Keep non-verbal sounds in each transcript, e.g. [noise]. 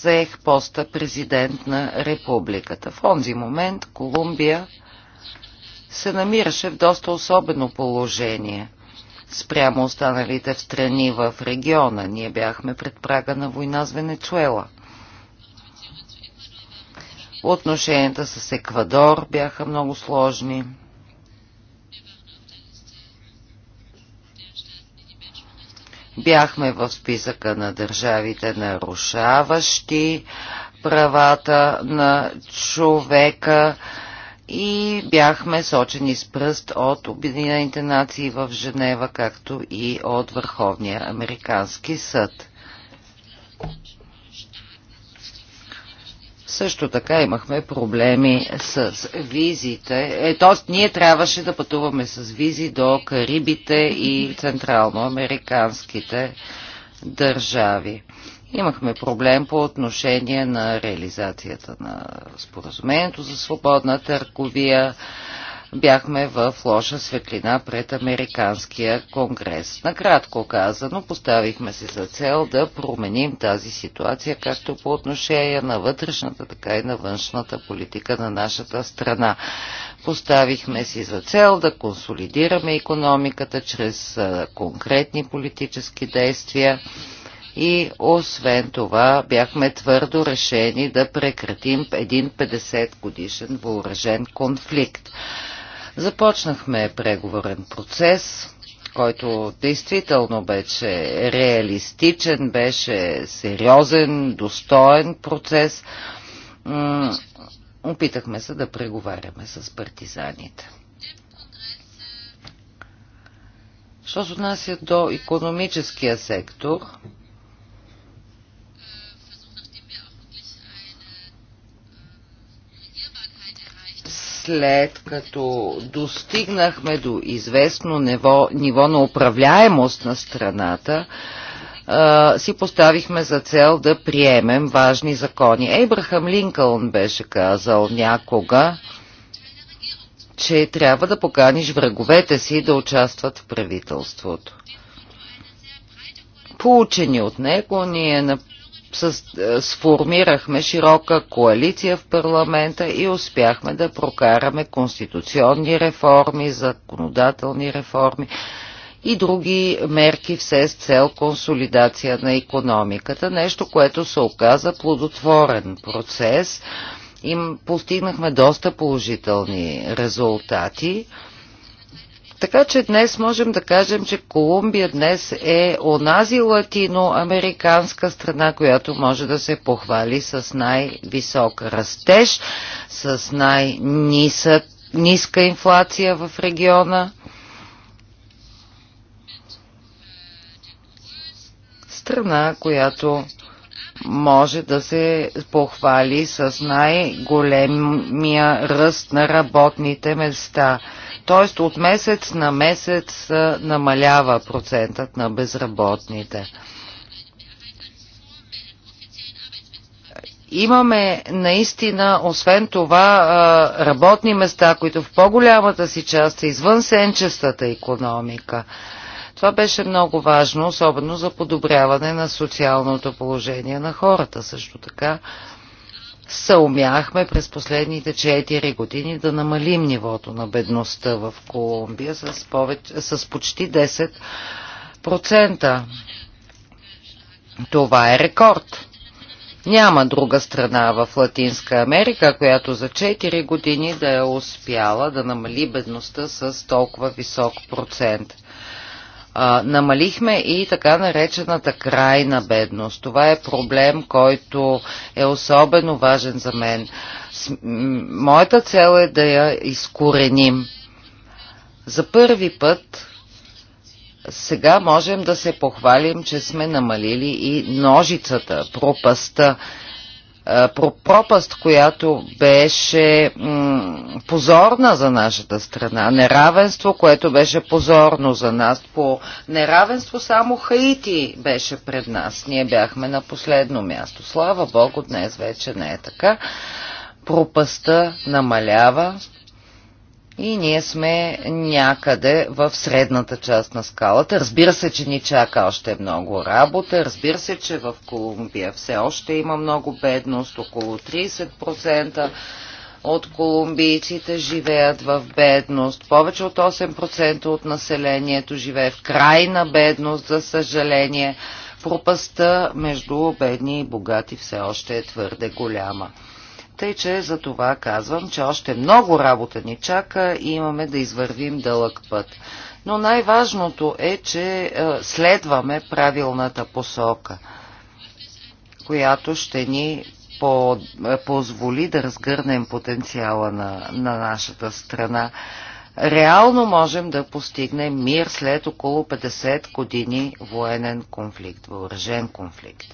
заех поста президент на републиката. В онзи момент Колумбия се намираше в доста особено положение спрямо останалите в страни в региона. Ние бяхме пред прага на война с Венецуела. Отношенията с Еквадор бяха много сложни. Бяхме в списъка на държавите нарушаващи правата на човека и бяхме сочени с пръст от Обединените нации в Женева, както и от Върховния американски съд. Също така имахме проблеми с визите. Е, тоест, ние трябваше да пътуваме с визи до Карибите и централноамериканските държави. Имахме проблем по отношение на реализацията на споразумението за свободна търговия бяхме в лоша светлина пред Американския конгрес. Накратко казано, поставихме се за цел да променим тази ситуация, както по отношение на вътрешната, така и на външната политика на нашата страна. Поставихме си за цел да консолидираме економиката чрез конкретни политически действия и освен това бяхме твърдо решени да прекратим един 50 годишен въоръжен конфликт. Започнахме преговорен процес, който действително беше реалистичен, беше сериозен, достоен процес. Опитахме се да преговаряме с партизаните. Що се отнася до економическия сектор, след като достигнахме до известно ниво, ниво на управляемост на страната, си поставихме за цел да приемем важни закони. Ейбрахам Линкълн беше казал някога, че трябва да поканиш враговете си да участват в правителството. Получени от него, ние е, сформирахме широка коалиция в парламента и успяхме да прокараме конституционни реформи, законодателни реформи и други мерки все с цел консолидация на економиката. Нещо, което се оказа плодотворен процес. Им постигнахме доста положителни резултати. Така че днес можем да кажем, че Колумбия днес е онази латиноамериканска страна, която може да се похвали с най-висок растеж, с най-ниска инфлация в региона. Страна, която може да се похвали с най-големия ръст на работните места – т.е. от месец на месец намалява процентът на безработните. имаме наистина, освен това, работни места, които в по-голямата си част са извън сенчестата економика. Това беше много важно, особено за подобряване на социалното положение на хората също така съумяхме през последните 4 години да намалим нивото на бедността в Колумбия с, повече, с почти 10%. Това е рекорд. Няма друга страна в Латинска Америка, която за 4 години да е успяла да намали бедността с толкова висок процент. А, намалихме и така наречената крайна бедност. Това е проблем, който е особено важен за мен. С, моята цел е да я изкореним. За първи път сега можем да се похвалим, че сме намалили и ножицата, пропаста пропаст, която беше позорна за нашата страна. Неравенство, което беше позорно за нас. По неравенство само Хаити беше пред нас. Ние бяхме на последно място. Слава Богу, днес вече не е така. Пропаста намалява, и ние сме някъде в средната част на скалата. Разбира се, че ни чака още много работа. Разбира се, че в Колумбия все още има много бедност, около 30% от колумбийците живеят в бедност. Повече от 8% от населението живее в крайна бедност, за съжаление. Пропаста между бедни и богати все още е твърде голяма. Тъй, че за това казвам, че още много работа ни чака и имаме да извървим дълъг път. Но най-важното е, че е, следваме правилната посока, която ще ни е, позволи да разгърнем потенциала на, на нашата страна. Реално можем да постигнем мир след около 50 години военен конфликт, въоръжен конфликт.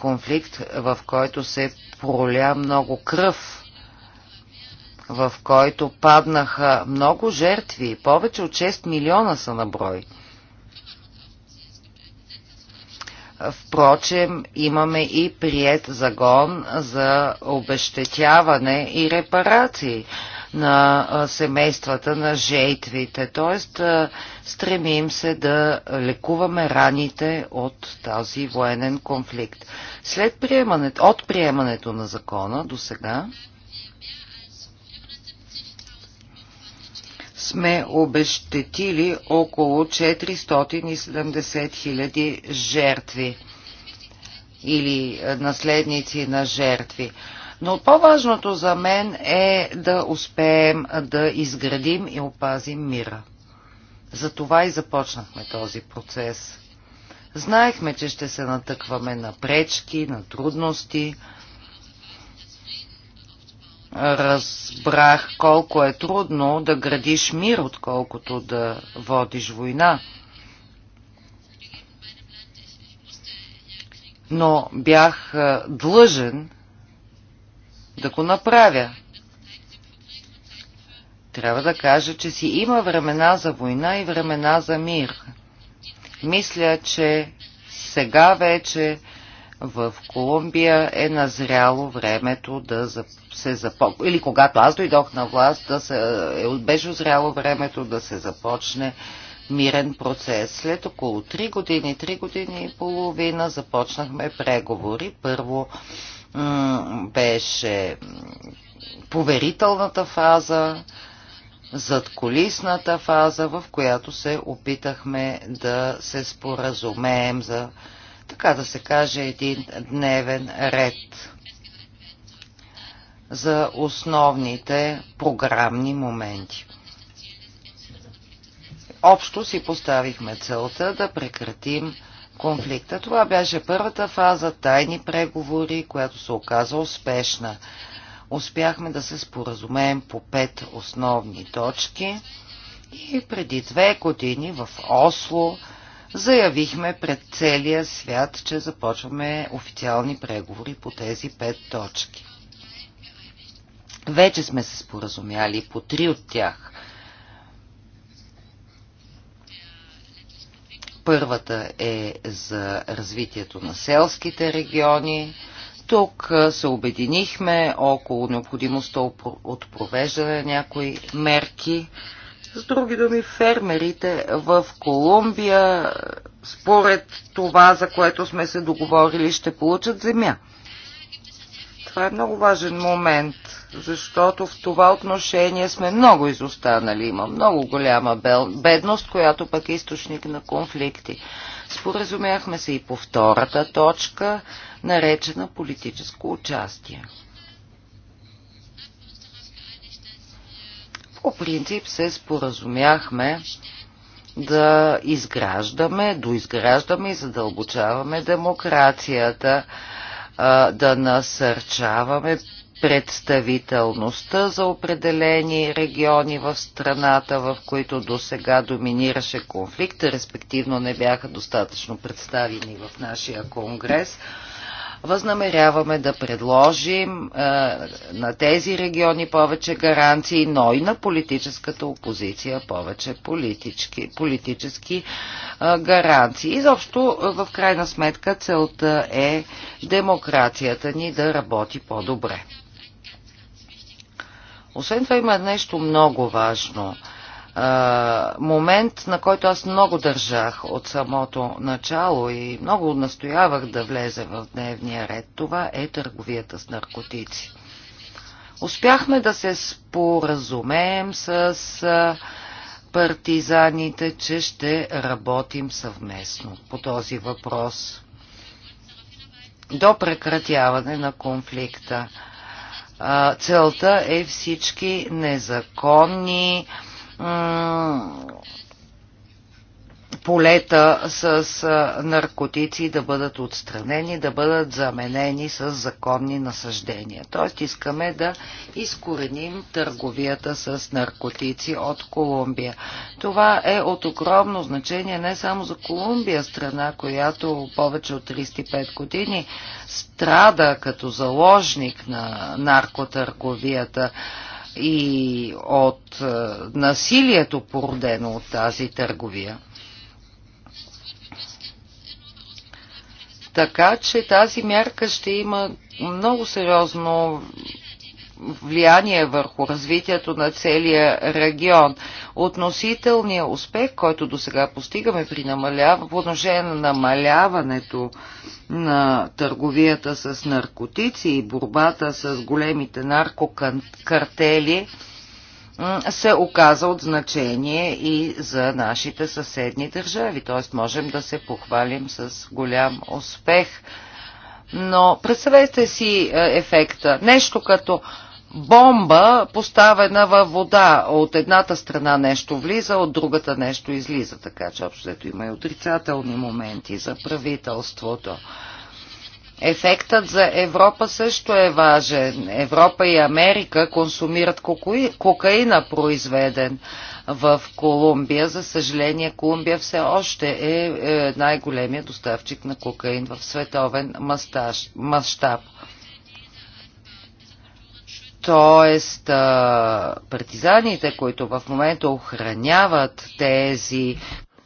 Конфликт, в който се проля много кръв, в който паднаха много жертви, повече от 6 милиона са на брой. Впрочем, имаме и прият загон за обещетяване и репарации на семействата на жейтвите. Тоест, стремим се да лекуваме раните от този военен конфликт. След приемането, от приемането на закона до сега, сме обещетили около 470 хиляди жертви или наследници на жертви. Но по-важното за мен е да успеем да изградим и опазим мира. Затова и започнахме този процес. Знаехме, че ще се натъкваме на пречки, на трудности. Разбрах колко е трудно да градиш мир, отколкото да водиш война. Но бях длъжен да го направя. Трябва да кажа, че си има времена за война и времена за мир. Мисля, че сега вече в Колумбия е назряло времето да се започне, или когато аз дойдох на власт, да се, е, беше озряло времето да се започне мирен процес. След около 3 години, 3 години и половина започнахме преговори. Първо беше поверителната фаза, задколисната фаза, в която се опитахме да се споразумеем за, така да се каже, един дневен ред за основните програмни моменти. Общо си поставихме целта да прекратим конфликта. Това беше първата фаза тайни преговори, която се оказа успешна. Успяхме да се споразумеем по пет основни точки и преди две години в Осло заявихме пред целия свят, че започваме официални преговори по тези пет точки. Вече сме се споразумяли по три от тях. Първата е за развитието на селските региони. Тук се обединихме около необходимостта от провеждане на някои мерки. С други думи, фермерите в Колумбия, според това, за което сме се договорили, ще получат земя. Това е много важен момент, защото в това отношение сме много изостанали. Има много голяма бедност, която пък е източник на конфликти. Споразумяхме се и по втората точка, наречена политическо участие. По принцип се споразумяхме да изграждаме, доизграждаме и задълбочаваме демокрацията да насърчаваме представителността за определени региони в страната, в които до сега доминираше конфликт, респективно не бяха достатъчно представени в нашия конгрес. Възнамеряваме да предложим е, на тези региони повече гаранции, но и на политическата опозиция повече политически, политически е, гаранции. Изобщо, е, в крайна сметка, целта е демокрацията ни да работи по-добре. Освен това има нещо много важно – момент, на който аз много държах от самото начало и много настоявах да влезе в дневния ред. Това е търговията с наркотици. Успяхме да се споразумеем с а, партизаните, че ще работим съвместно по този въпрос до прекратяване на конфликта. Целта е всички незаконни а, полета с наркотици да бъдат отстранени, да бъдат заменени с законни насъждения. Тоест искаме да изкореним търговията с наркотици от Колумбия. Това е от огромно значение не само за Колумбия, страна, която повече от 35 години страда като заложник на наркотърговията и от е, насилието, породено от тази търговия. Така че тази мярка ще има много сериозно влияние върху развитието на целия регион. Относителният успех, който до сега постигаме при намалява, по отношение на намаляването на търговията с наркотици и борбата с големите наркокартели, се оказа от значение и за нашите съседни държави. Т.е. можем да се похвалим с голям успех. Но представете си е, ефекта. Нещо като бомба поставена във вода. От едната страна нещо влиза, от другата нещо излиза. Така че общото има и отрицателни моменти за правителството. Ефектът за Европа също е важен. Европа и Америка консумират кокаина, произведен в Колумбия. За съжаление, Колумбия все още е, е най-големия доставчик на кокаин в световен мащаб. Тоест, партизаните, които в момента охраняват тези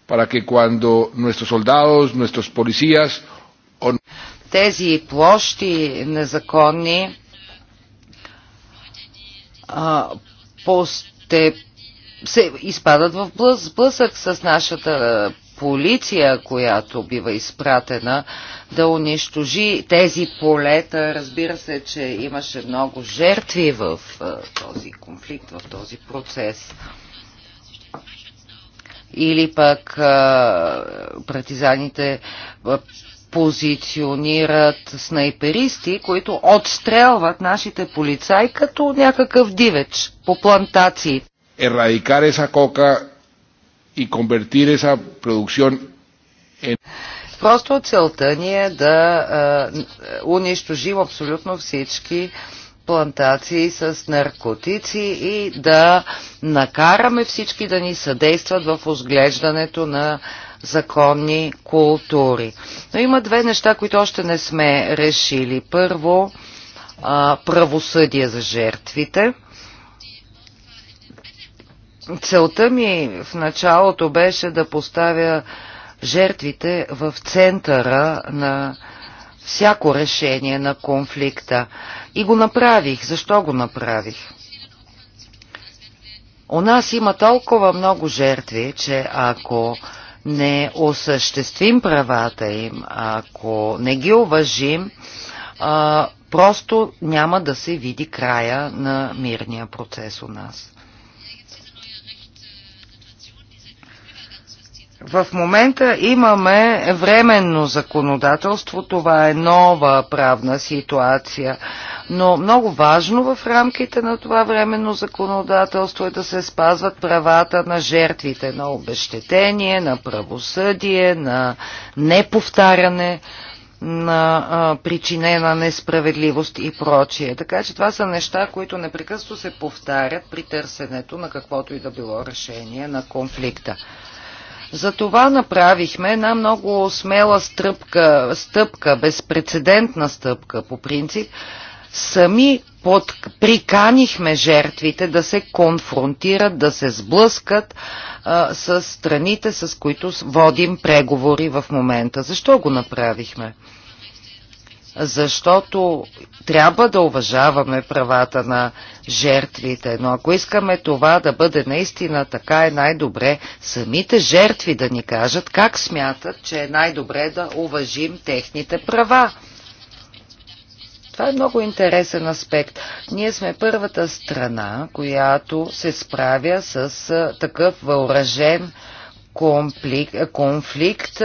para que cuando nuestros soldados, nuestros policías on... тези площи незаконни а, постеп, се изпадат в блъсък с нашата полиция, която бива изпратена да унищожи тези полета. Разбира се, че имаше много жертви в този конфликт, в този процес или пък партизаните позиционират снайперисти, които отстрелват нашите полицаи като някакъв дивеч по плантации. Ерадикар esa coca и конвертир esa продукцион е... Просто целта ни е да унищожим абсолютно всички плантации с наркотици и да накараме всички да ни съдействат в отглеждането на законни култури. Но има две неща, които още не сме решили. Първо, правосъдие за жертвите – Целта ми в началото беше да поставя жертвите в центъра на всяко решение на конфликта. И го направих. Защо го направих? У нас има толкова много жертви, че ако не осъществим правата им, ако не ги уважим, просто няма да се види края на мирния процес у нас. В момента имаме временно законодателство, това е нова правна ситуация, но много важно в рамките на това временно законодателство е да се спазват правата на жертвите, на обещетение, на правосъдие, на неповтаряне на а, причинена несправедливост и прочие. Така че това са неща, които непрекъснато се повтарят при търсенето на каквото и да било решение на конфликта. Затова направихме една много смела стъпка, стъпка безпредседентна стъпка по принцип. Сами под, приканихме жертвите да се конфронтират, да се сблъскат а, с страните, с които водим преговори в момента. Защо го направихме? защото трябва да уважаваме правата на жертвите, но ако искаме това да бъде наистина така е най-добре самите жертви да ни кажат как смятат, че е най-добре да уважим техните права. Това е много интересен аспект. Ние сме първата страна, която се справя с такъв въоръжен конфликт, конфликт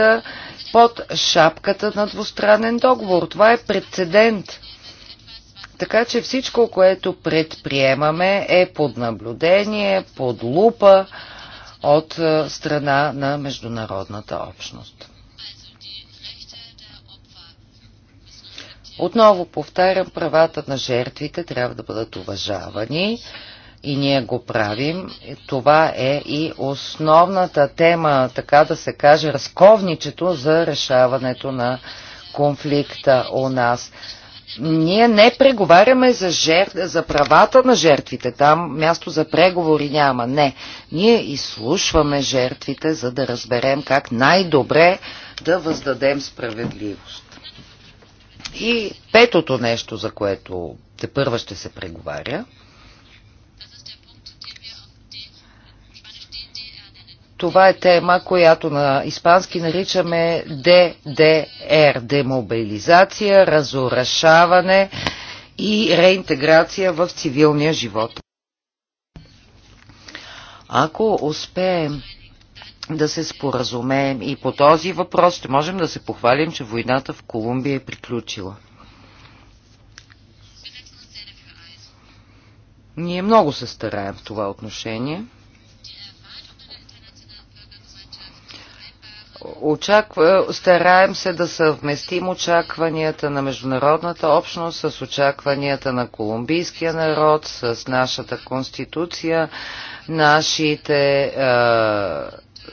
под шапката на двустранен договор. Това е прецедент. Така че всичко, което предприемаме е под наблюдение, под лупа от страна на международната общност. Отново повтарям, правата на жертвите трябва да бъдат уважавани и ние го правим. Това е и основната тема, така да се каже, разковничето за решаването на конфликта у нас. Ние не преговаряме за, жертв, за правата на жертвите, там място за преговори няма, не. Ние изслушваме жертвите, за да разберем как най-добре да въздадем справедливост. И петото нещо, за което те първа ще се преговаря – Това е тема, която на испански наричаме ДДР – демобилизация, разорашаване и реинтеграция в цивилния живот. Ако успеем да се споразумеем и по този въпрос, ще можем да се похвалим, че войната в Колумбия е приключила. Ние много се стараем в това отношение – Очаква, стараем се да съвместим очакванията на международната общност с очакванията на колумбийския народ, с нашата конституция, нашите е,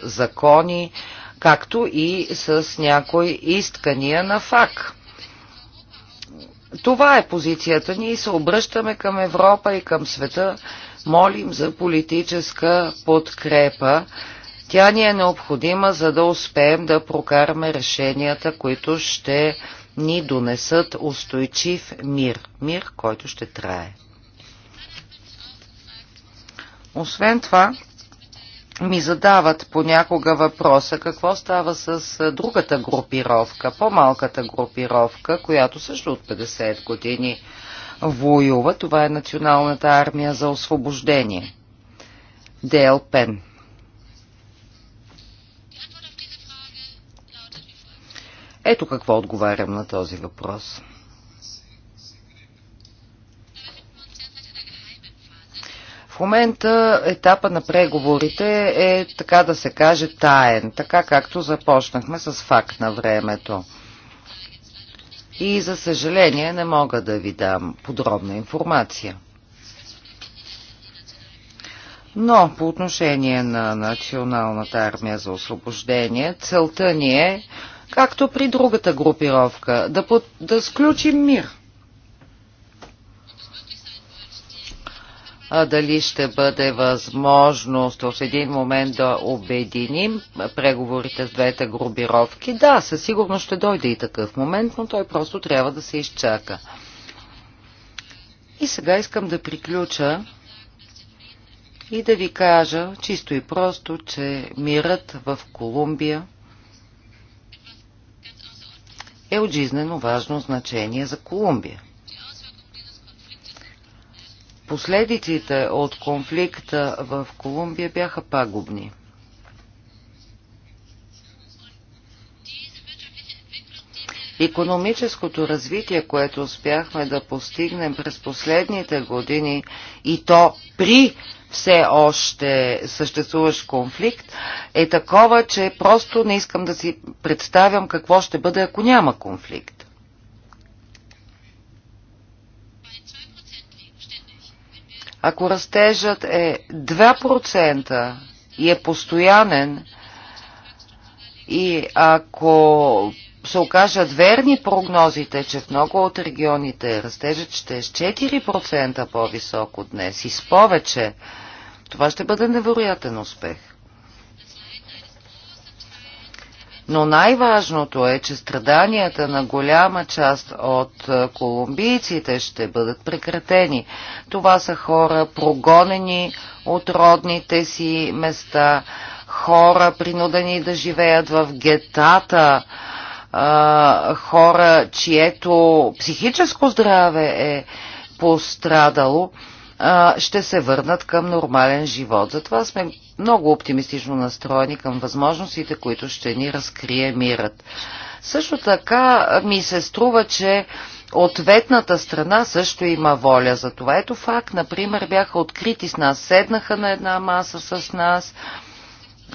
закони, както и с някои искания на ФАК. Това е позицията ни и се обръщаме към Европа и към света. Молим за политическа подкрепа тя ни е необходима, за да успеем да прокараме решенията, които ще ни донесат устойчив мир. Мир, който ще трае. Освен това, ми задават понякога въпроса какво става с другата групировка, по-малката групировка, която също от 50 години воюва. Това е Националната армия за освобождение. ДЛПен. Ето какво отговарям на този въпрос. В момента етапа на преговорите е, така да се каже, таен, така както започнахме с факт на времето. И за съжаление не мога да ви дам подробна информация. Но по отношение на Националната армия за освобождение, целта ни е както при другата групировка, да, под, да сключим мир. А дали ще бъде възможност в един момент да обединим преговорите с двете групировки? Да, със сигурност ще дойде и такъв момент, но той просто трябва да се изчака. И сега искам да приключа и да ви кажа чисто и просто, че мирът в Колумбия е от жизнено важно значение за Колумбия. Последиците от конфликта в Колумбия бяха пагубни. Економическото развитие, което успяхме да постигнем през последните години и то при все още съществуващ конфликт, е такова, че просто не искам да си представям какво ще бъде, ако няма конфликт. Ако растежът е 2% и е постоянен, и ако се окажат верни прогнозите, че в много от регионите растежът ще е с 4% по високо днес и с повече, това ще бъде невероятен успех. Но най-важното е, че страданията на голяма част от колумбийците ще бъдат прекратени. Това са хора прогонени от родните си места, хора принудени да живеят в гетата, хора, чието психическо здраве е пострадало ще се върнат към нормален живот. Затова сме много оптимистично настроени към възможностите, които ще ни разкрие мирът. Също така ми се струва, че ответната страна също има воля за това. Ето факт, например, бяха открити с нас, седнаха на една маса с нас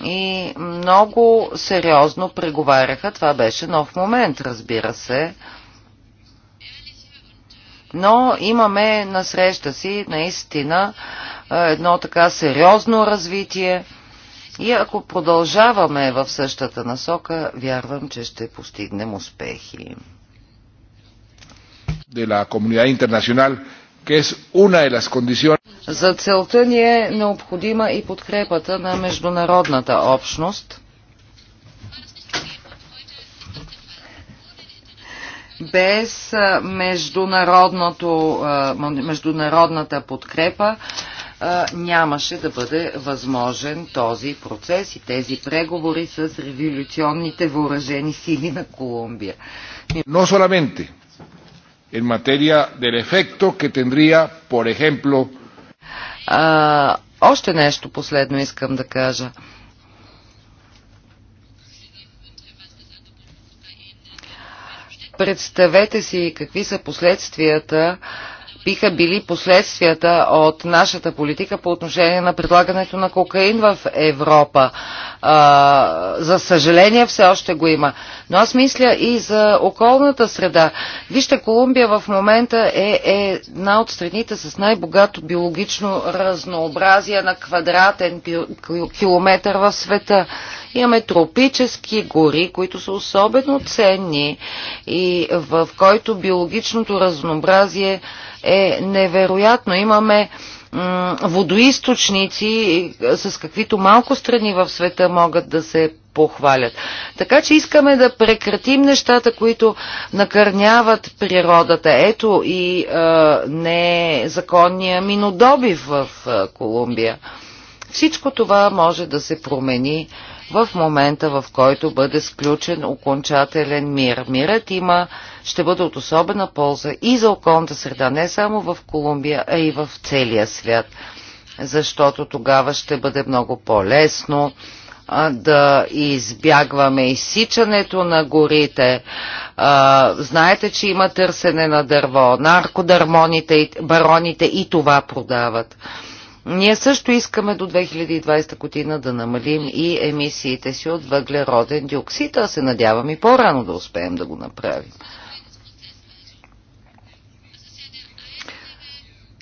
и много сериозно преговаряха. Това беше нов момент, разбира се но имаме на среща си наистина едно така сериозно развитие и ако продължаваме в същата насока, вярвам, че ще постигнем успехи. De la comunidad internacional за целта ни е необходима и подкрепата на международната общност, без международната подкрепа нямаше да бъде възможен този процес и тези преговори с революционните въоръжени сили на Колумбия. Но solamente en materia del efecto que tendría, por ejemplo... А, още нещо последно искам да кажа. Представете си какви са последствията биха били последствията от нашата политика по отношение на предлагането на кокаин в Европа. А, за съжаление все още го има. Но аз мисля и за околната среда. Вижте, Колумбия в момента е, е една от страните с най-богато биологично разнообразие на квадратен километър в света. Имаме тропически гори, които са особено ценни и в който биологичното разнообразие е невероятно. Имаме водоисточници, с каквито малко страни в света могат да се похвалят. Така че искаме да прекратим нещата, които накърняват природата. Ето и е, незаконния минодобив в е, Колумбия. Всичко това може да се промени в момента, в който бъде сключен окончателен мир. Мирът има ще бъде от особена полза и за околната среда, не само в Колумбия, а и в целия свят, защото тогава ще бъде много по-лесно да избягваме изсичането на горите. А, знаете, че има търсене на дърво. наркодармоните, бароните и това продават. Ние също искаме до 2020 година да намалим и емисиите си от въглероден диоксид, а се надявам и по-рано да успеем да го направим.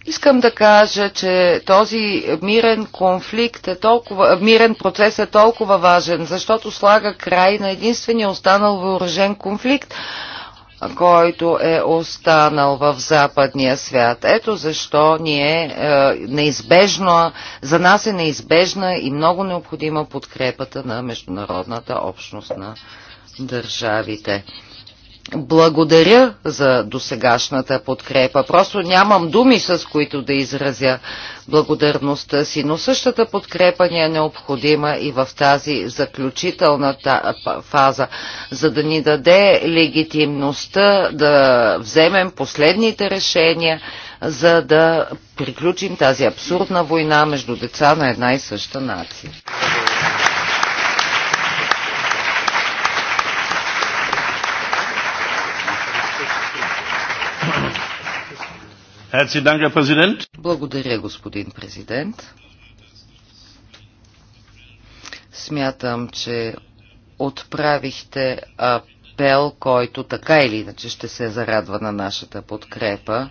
Искам да кажа, че този мирен конфликт е толкова, мирен процес е толкова важен, защото слага край на единствения останал въоръжен конфликт, който е останал в западния свят. Ето защо ние е, неизбежно, за нас е неизбежна и много необходима подкрепата на международната общност на държавите благодаря за досегашната подкрепа. Просто нямам думи, с които да изразя благодарността си, но същата подкрепа ни е необходима и в тази заключителна фаза, за да ни даде легитимността да вземем последните решения, за да приключим тази абсурдна война между деца на една и съща нация. Благодаря, господин президент. Смятам, че отправихте апел, който така или иначе ще се зарадва на нашата подкрепа.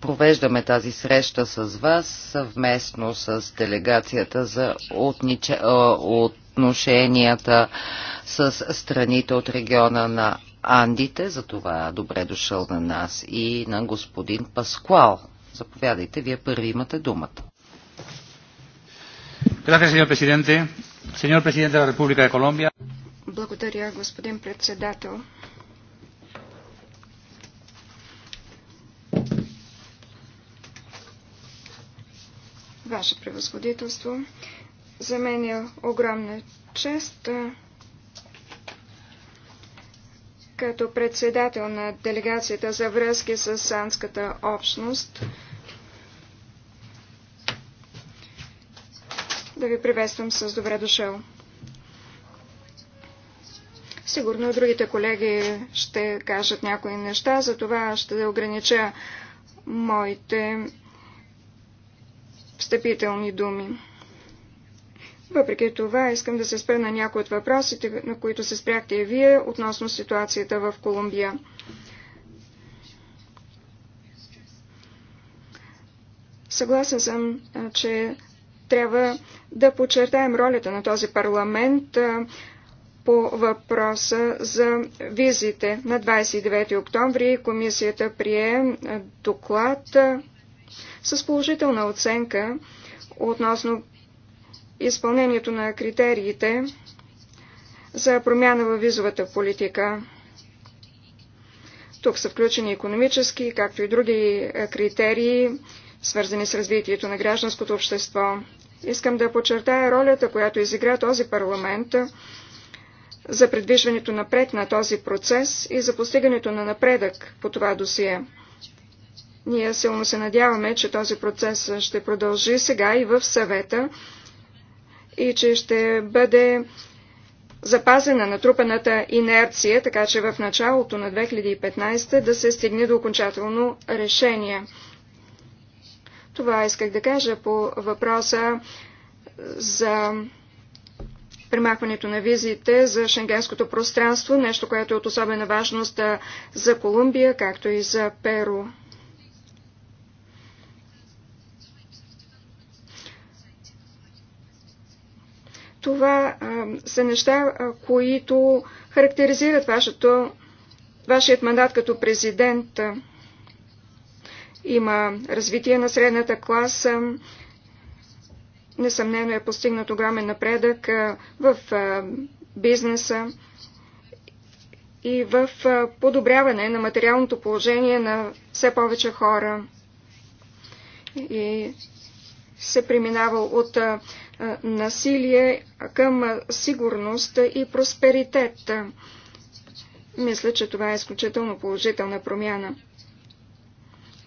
Провеждаме тази среща с вас съвместно с делегацията за отниче, отношенията с страните от региона на Андите, за това добре дошъл на нас и на господин Паскуал. Заповядайте, вие първи имате думата. Благодаря, господин председател. Ваше превъзходителство, за мен е огромна чест като председател на делегацията за връзки с санската общност. Да ви приветствам с добре дошъл. Сигурно другите колеги ще кажат някои неща, за това ще да огранича моите встъпителни думи. Въпреки това, искам да се спра на някои от въпросите, на които се спряхте и вие, относно ситуацията в Колумбия. Съгласен съм, че трябва да подчертаем ролята на този парламент по въпроса за визите. На 29 октомври комисията прие доклад с положителна оценка относно изпълнението на критериите за промяна във визовата политика. Тук са включени економически, както и други е, критерии, свързани с развитието на гражданското общество. Искам да подчертая ролята, която изигра този парламент е, за предвижването напред на този процес и за постигането на напредък по това досие. Ние силно се надяваме, че този процес ще продължи сега и в съвета, и че ще бъде запазена натрупаната инерция, така че в началото на 2015 да се стигне до окончателно решение. Това исках да кажа по въпроса за премахването на визите за шенгенското пространство, нещо, което е от особена важност за Колумбия, както и за Перу. Това а, са неща, а, които характеризират вашето, вашият мандат като президент. Има развитие на средната класа. Несъмнено е постигнат огромен напредък а, в а, бизнеса и в а, подобряване на материалното положение на все повече хора. И се преминава от насилие към сигурност и просперитет. Мисля, че това е изключително положителна промяна.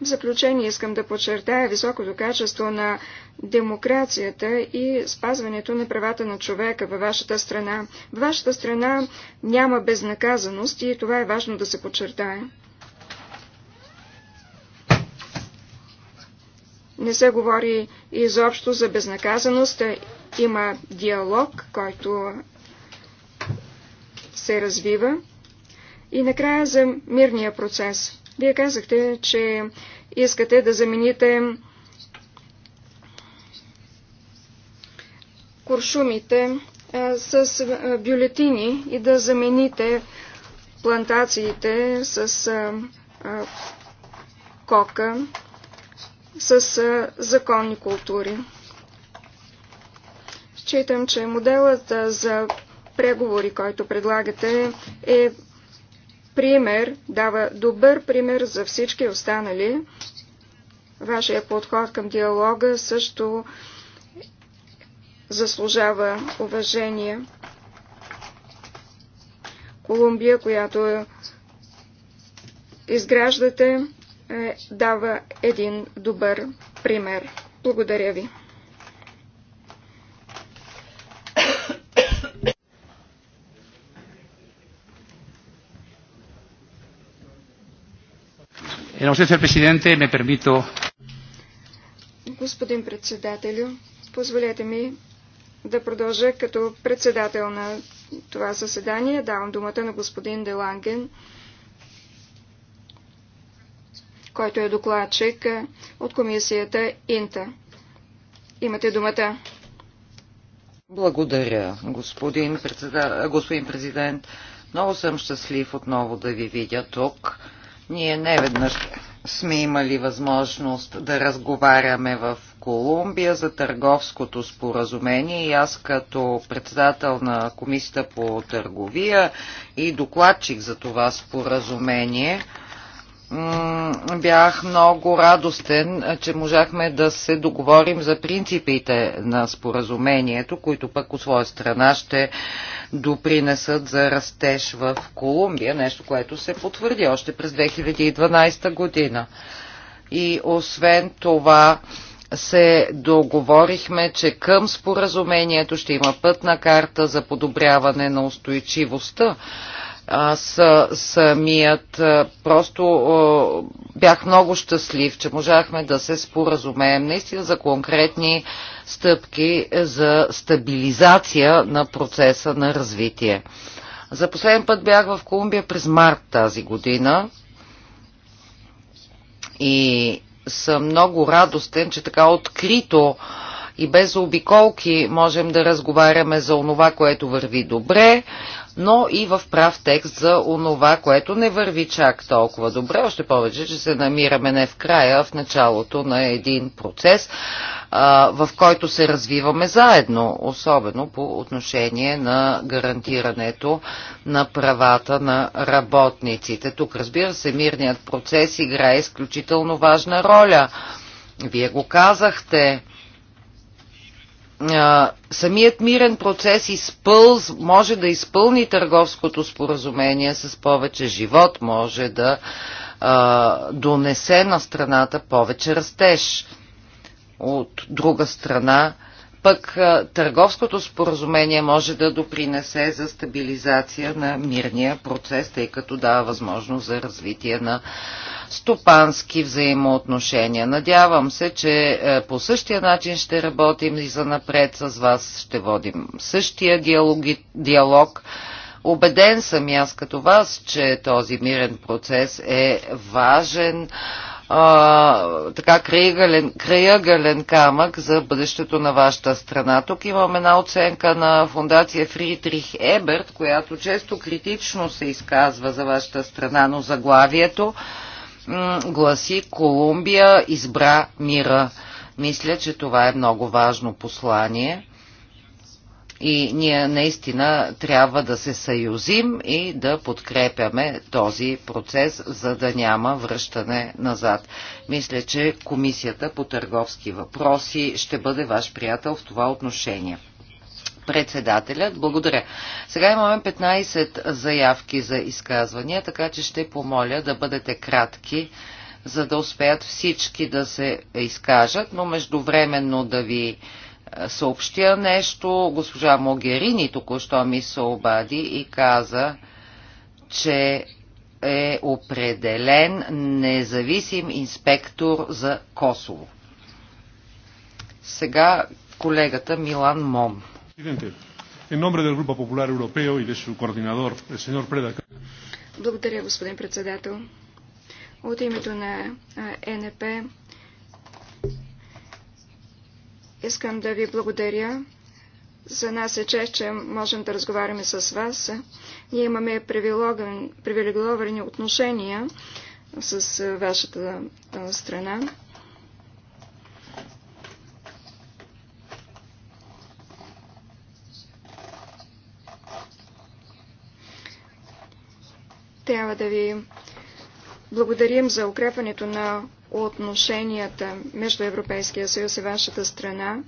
В заключение искам да подчертая високото качество на демокрацията и спазването на правата на човека във вашата страна. В вашата страна няма безнаказаност и това е важно да се подчертае. Не се говори изобщо за безнаказаност. Има диалог, който се развива. И накрая за мирния процес. Вие казахте, че искате да замените куршумите с бюлетини и да замените плантациите с кока с законни култури. Считам, че моделът за преговори, който предлагате, е пример, дава добър пример за всички останали. Вашия подход към диалога също заслужава уважение. Колумбия, която е, изграждате, е, дава един добър пример. Благодаря ви. Господин председателю, позволете ми да продължа като председател на това заседание. Давам думата на господин Деланген който е докладчик е, от комисията Инта. Имате думата. Благодаря, господин, председа... господин президент. Много съм щастлив отново да ви видя тук. Ние не веднъж сме имали възможност да разговаряме в Колумбия за търговското споразумение и аз като председател на Комисията по търговия и докладчик за това споразумение бях много радостен, че можахме да се договорим за принципите на споразумението, които пък от своя страна ще допринесат за растеж в Колумбия, нещо, което се потвърди още през 2012 година. И освен това, се договорихме, че към споразумението ще има пътна карта за подобряване на устойчивостта с самият просто бях много щастлив, че можахме да се споразумеем наистина за конкретни стъпки за стабилизация на процеса на развитие. За последен път бях в Колумбия през март тази година и съм много радостен, че така открито и без обиколки можем да разговаряме за онова, което върви добре, но и в прав текст за онова, което не върви чак толкова добре. Още повече, че се намираме не в края, а в началото на един процес, в който се развиваме заедно, особено по отношение на гарантирането на правата на работниците. Тук, разбира се, мирният процес играе изключително важна роля. Вие го казахте самият мирен процес изпълз, може да изпълни търговското споразумение с повече живот, може да а, донесе на страната повече растеж. От друга страна, пък търговското споразумение може да допринесе за стабилизация на мирния процес, тъй като дава възможност за развитие на стопански взаимоотношения. Надявам се, че е, по същия начин ще работим и за напред с вас, ще водим същия диалоги, диалог. Обеден съм и аз като вас, че този мирен процес е важен а, така краягален, краягален камък за бъдещето на вашата страна. Тук имам една оценка на фундация Фридрих Еберт, която често критично се изказва за вашата страна, но заглавието гласи Колумбия избра мира. Мисля, че това е много важно послание и ние наистина трябва да се съюзим и да подкрепяме този процес, за да няма връщане назад. Мисля, че Комисията по търговски въпроси ще бъде ваш приятел в това отношение председателят. Благодаря. Сега имаме 15 заявки за изказвания, така че ще помоля да бъдете кратки, за да успеят всички да се изкажат, но междувременно да ви е, съобщя нещо. Госпожа Могерини току-що ми се обади и каза, че е определен независим инспектор за Косово. Сега колегата Милан Мом. Благодаря, господин председател. От името на НП. Искам да ви благодаря. За нас е чест, че можем да разговаряме с вас. Ние имаме привилегировани отношения с вашата страна. Трябва да ви благодарим за укрепването на отношенията между Европейския съюз и вашата страна.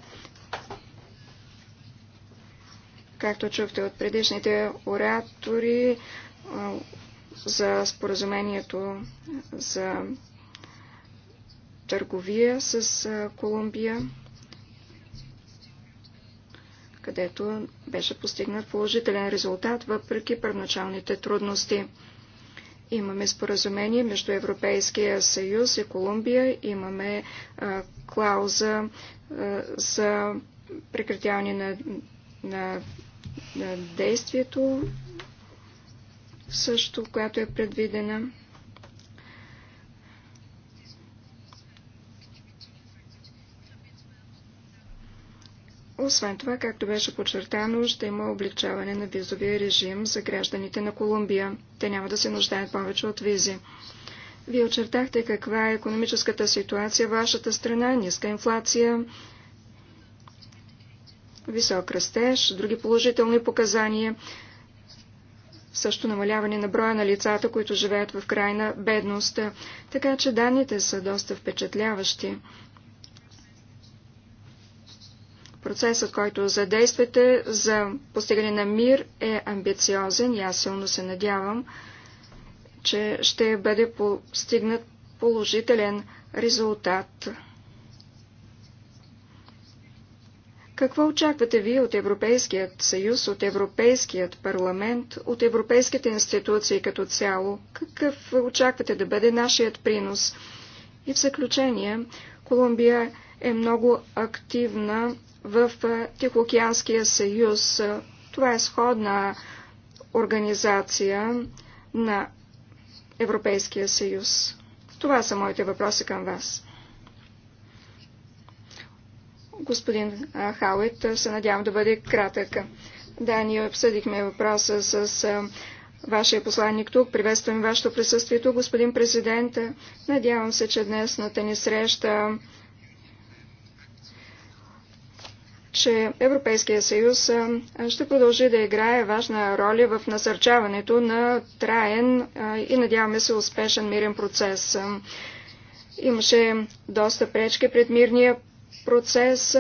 Както чухте от предишните оратори за споразумението за търговия с Колумбия, където беше постигнат положителен резултат въпреки първоначалните трудности. Имаме споразумение между Европейския съюз и Колумбия, имаме а, клауза а, за прекратяване на, на, на действието, също, която е предвидена. Освен това, както беше подчертано, ще има облегчаване на визовия режим за гражданите на Колумбия. Те няма да се нуждаят повече от визи. Вие очертахте каква е економическата ситуация в вашата страна, ниска инфлация, висок растеж, други положителни показания, също намаляване на броя на лицата, които живеят в крайна бедност. Така че данните са доста впечатляващи. Процесът, който задействате за постигане на мир е амбициозен и аз силно се надявам, че ще бъде постигнат положителен резултат. Какво очаквате вие от Европейският съюз, от Европейският парламент, от европейските институции като цяло? Какъв очаквате да бъде нашият принос? И в заключение, Колумбия е много активна в Тихоокеанския съюз. Това е сходна организация на Европейския съюз. Това са моите въпроси към вас. Господин Хауит, се надявам да бъде кратък. Да, ние обсъдихме въпроса с вашия посланник тук. Приветствам вашето присъствие тук, господин президент. Надявам се, че днес на ни среща че Европейския съюз ще продължи да играе важна роля в насърчаването на траен и надяваме се успешен мирен процес. Имаше доста пречки пред мирния процес.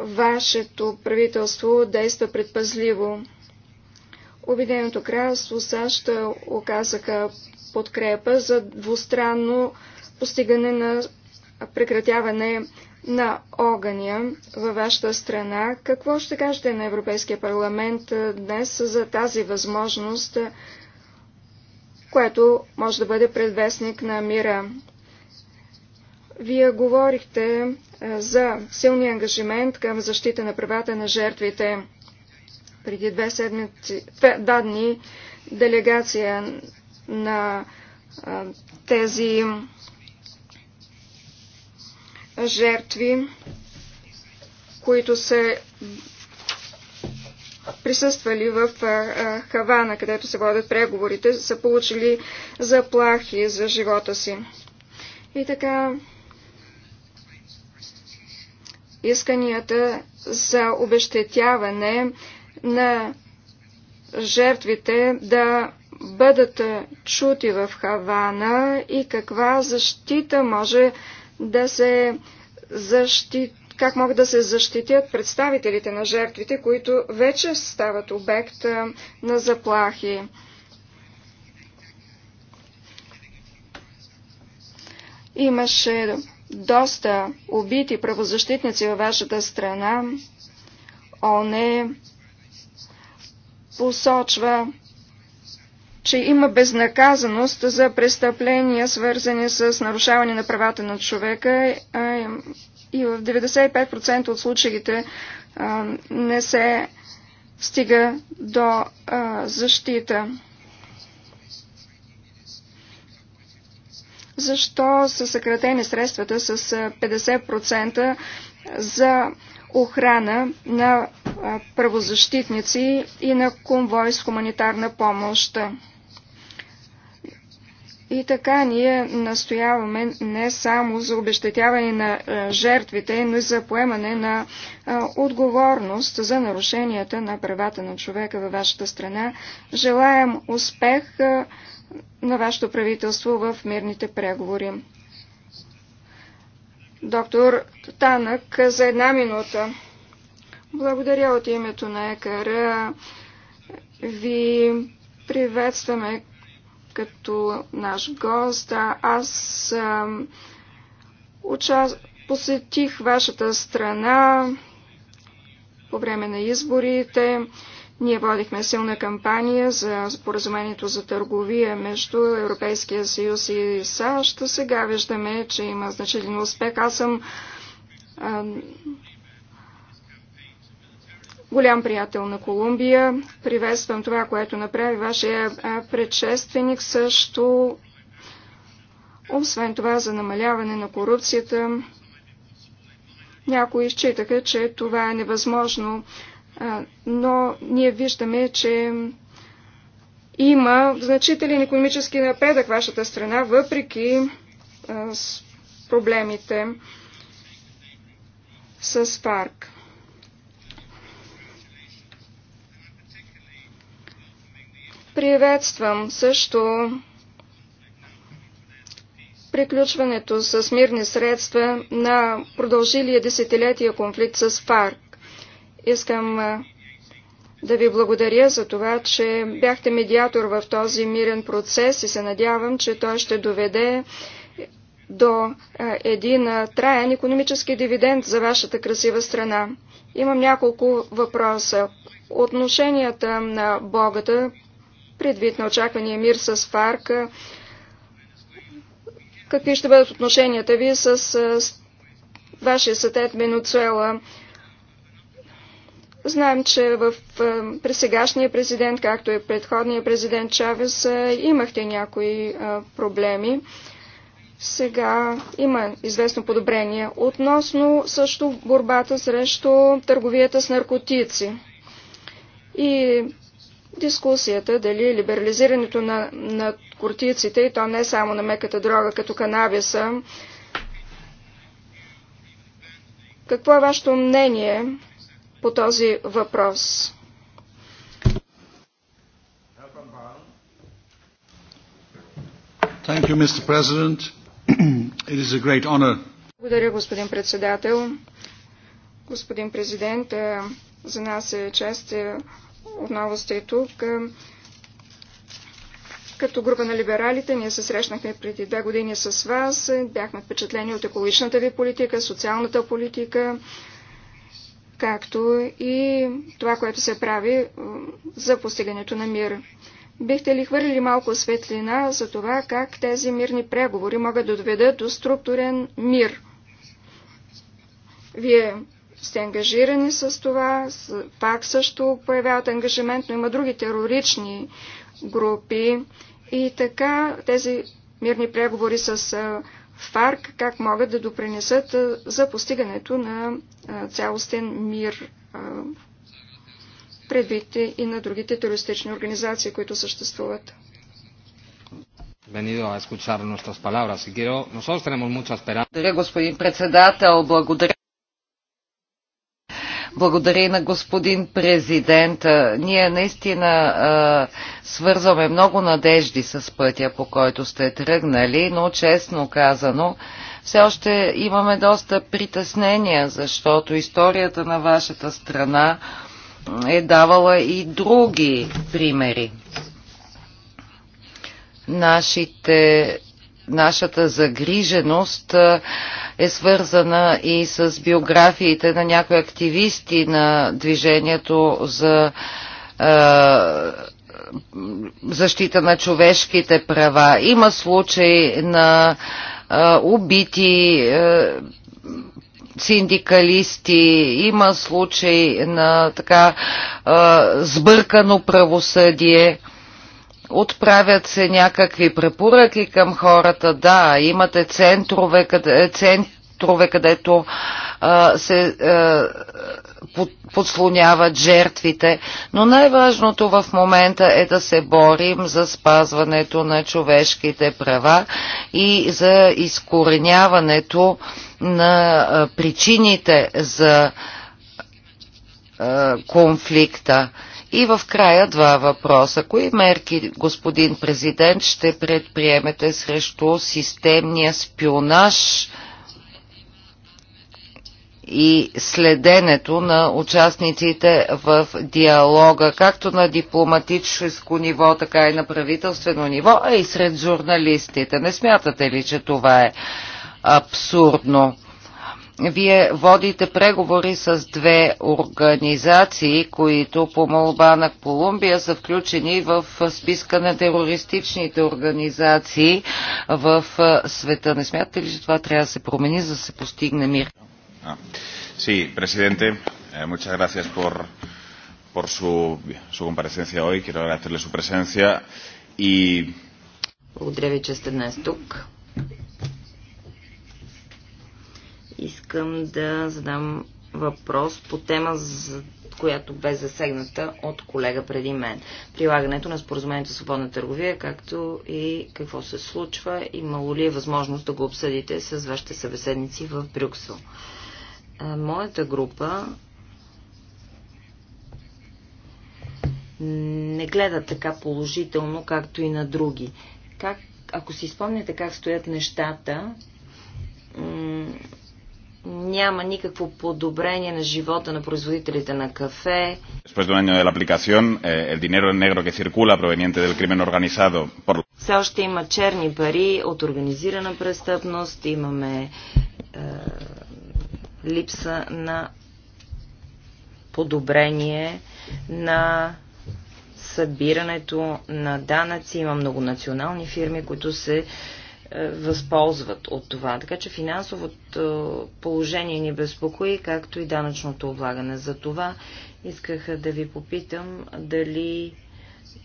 Вашето правителство действа предпазливо. Обединеното кралство САЩ оказаха подкрепа за двустранно постигане на прекратяване на огъня във вашата страна. Какво ще кажете на Европейския парламент е, днес за тази възможност, е, което може да бъде предвестник на мира? Вие говорихте е, за силния ангажимент към защита на правата на жертвите. Преди две седмици, два дни делегация на тези жертви, които са присъствали в Хавана, където се водят преговорите, са получили заплахи за живота си. И така, исканията за обещетяване на жертвите да бъдат чути в Хавана и каква защита може да се защитят как могат да се защитят представителите на жертвите, които вече стават обект на заплахи. Имаше доста убити правозащитници във вашата страна. ОНЕ посочва че има безнаказаност за престъпления, свързани с нарушаване на правата на човека и в 95% от случаите не се стига до защита. Защо са съкратени средствата с 50% за охрана на правозащитници и на конвой с хуманитарна помощ. И така ние настояваме не само за обещетяване на е, жертвите, но и за поемане на е, отговорност за нарушенията на правата на човека във вашата страна. Желаем успех е, на вашето правителство в мирните преговори. Доктор Танък, за една минута. Благодаря от името на ЕКР. Ви приветстваме като наш гост. Аз а, уча... посетих вашата страна по време на изборите. Ние водихме силна кампания за споразумението за търговия между Европейския съюз и САЩ. Сега виждаме, че има значителен успех. Аз съм голям приятел на Колумбия. Приветствам това, което направи вашия предшественик също. Освен това за намаляване на корупцията. Някои считаха, че това е невъзможно, но ние виждаме, че има значителен економически напредък вашата страна, въпреки проблемите с ФАРК. Приветствам също приключването с мирни средства на продължилия десетилетия конфликт с ФАРК. Искам да ви благодаря за това, че бяхте медиатор в този мирен процес и се надявам, че той ще доведе до един траен економически дивиденд за вашата красива страна. Имам няколко въпроса. Отношенията на Богата предвид на очаквания мир с ФАРК, какви ще бъдат отношенията ви с, вашия сътет Венецуела? Знаем, че в, при сегашния президент, както и предходния президент Чавес, имахте някои проблеми. Сега има известно подобрение относно също борбата срещу търговията с наркотици. И дискусията дали либерализирането на кортиците и то не само на меката дрога, като канабиса, какво е вашето мнение по този въпрос? Thank you, Mr. President. [clears throat] It is a great honor. Благодаря, господин председател. Господин президент, е, за нас е чест е, отново сте тук. Като група на либералите ние се срещнахме преди две години с вас. Бяхме впечатлени от екологичната ви политика, социалната политика, както и това, което се прави за постигането на мир. Бихте ли хвърлили малко светлина за това, как тези мирни преговори могат да доведат до структурен мир? Вие сте ангажирани с това. Пак също появяват ангажимент, но има други терорични групи. И така тези мирни преговори с ФАРК как могат да допринесат за постигането на цялостен мир предвид и на другите терористични организации, които съществуват. Благодаря, господин председател. Благодаря благодаря и на господин президент. Ние наистина свързваме много надежди с пътя, по който сте тръгнали, но честно казано, все още имаме доста притеснения, защото историята на вашата страна е давала и други примери. Нашите нашата загриженост е свързана и с биографиите на някои активисти на движението за защита на човешките права. Има случаи на убити синдикалисти, има случаи на така сбъркано правосъдие. Отправят се някакви препоръки към хората. Да, имате центрове, къде, центрове където а, се а, под, подслоняват жертвите. Но най-важното в момента е да се борим за спазването на човешките права и за изкореняването на а, причините за а, конфликта. И в края два въпроса. Кои мерки, господин президент, ще предприемете срещу системния спионаж и следенето на участниците в диалога, както на дипломатическо ниво, така и на правителствено ниво, а и сред журналистите? Не смятате ли, че това е абсурдно? Вие водите преговори с две организации, които по молба на Колумбия са включени в списка на терористичните организации в света. Не смятате ли, че това трябва да се промени, за да се постигне мир? Sí, presidente, eh, muchas gracias por, por su, su comparecencia hoy. Quiero agradecerle su presencia y... Благодаря ви, че сте днес тук. Искам да задам въпрос по тема, за която бе засегната от колега преди мен. Прилагането на споразумението за свободна търговия, както и какво се случва, имало ли е възможност да го обсъдите с вашите събеседници в Брюксел. Моята група не гледа така положително, както и на други. Как, ако си спомняте как стоят нещата, няма никакво подобрение на живота на производителите на кафе. Все още има черни пари от организирана престъпност, имаме е, липса на подобрение на събирането на данъци. Има многонационални фирми, които се е, възползват от това. Така че финансовото е, положение ни безпокои, както и данъчното облагане. За това исках да ви попитам дали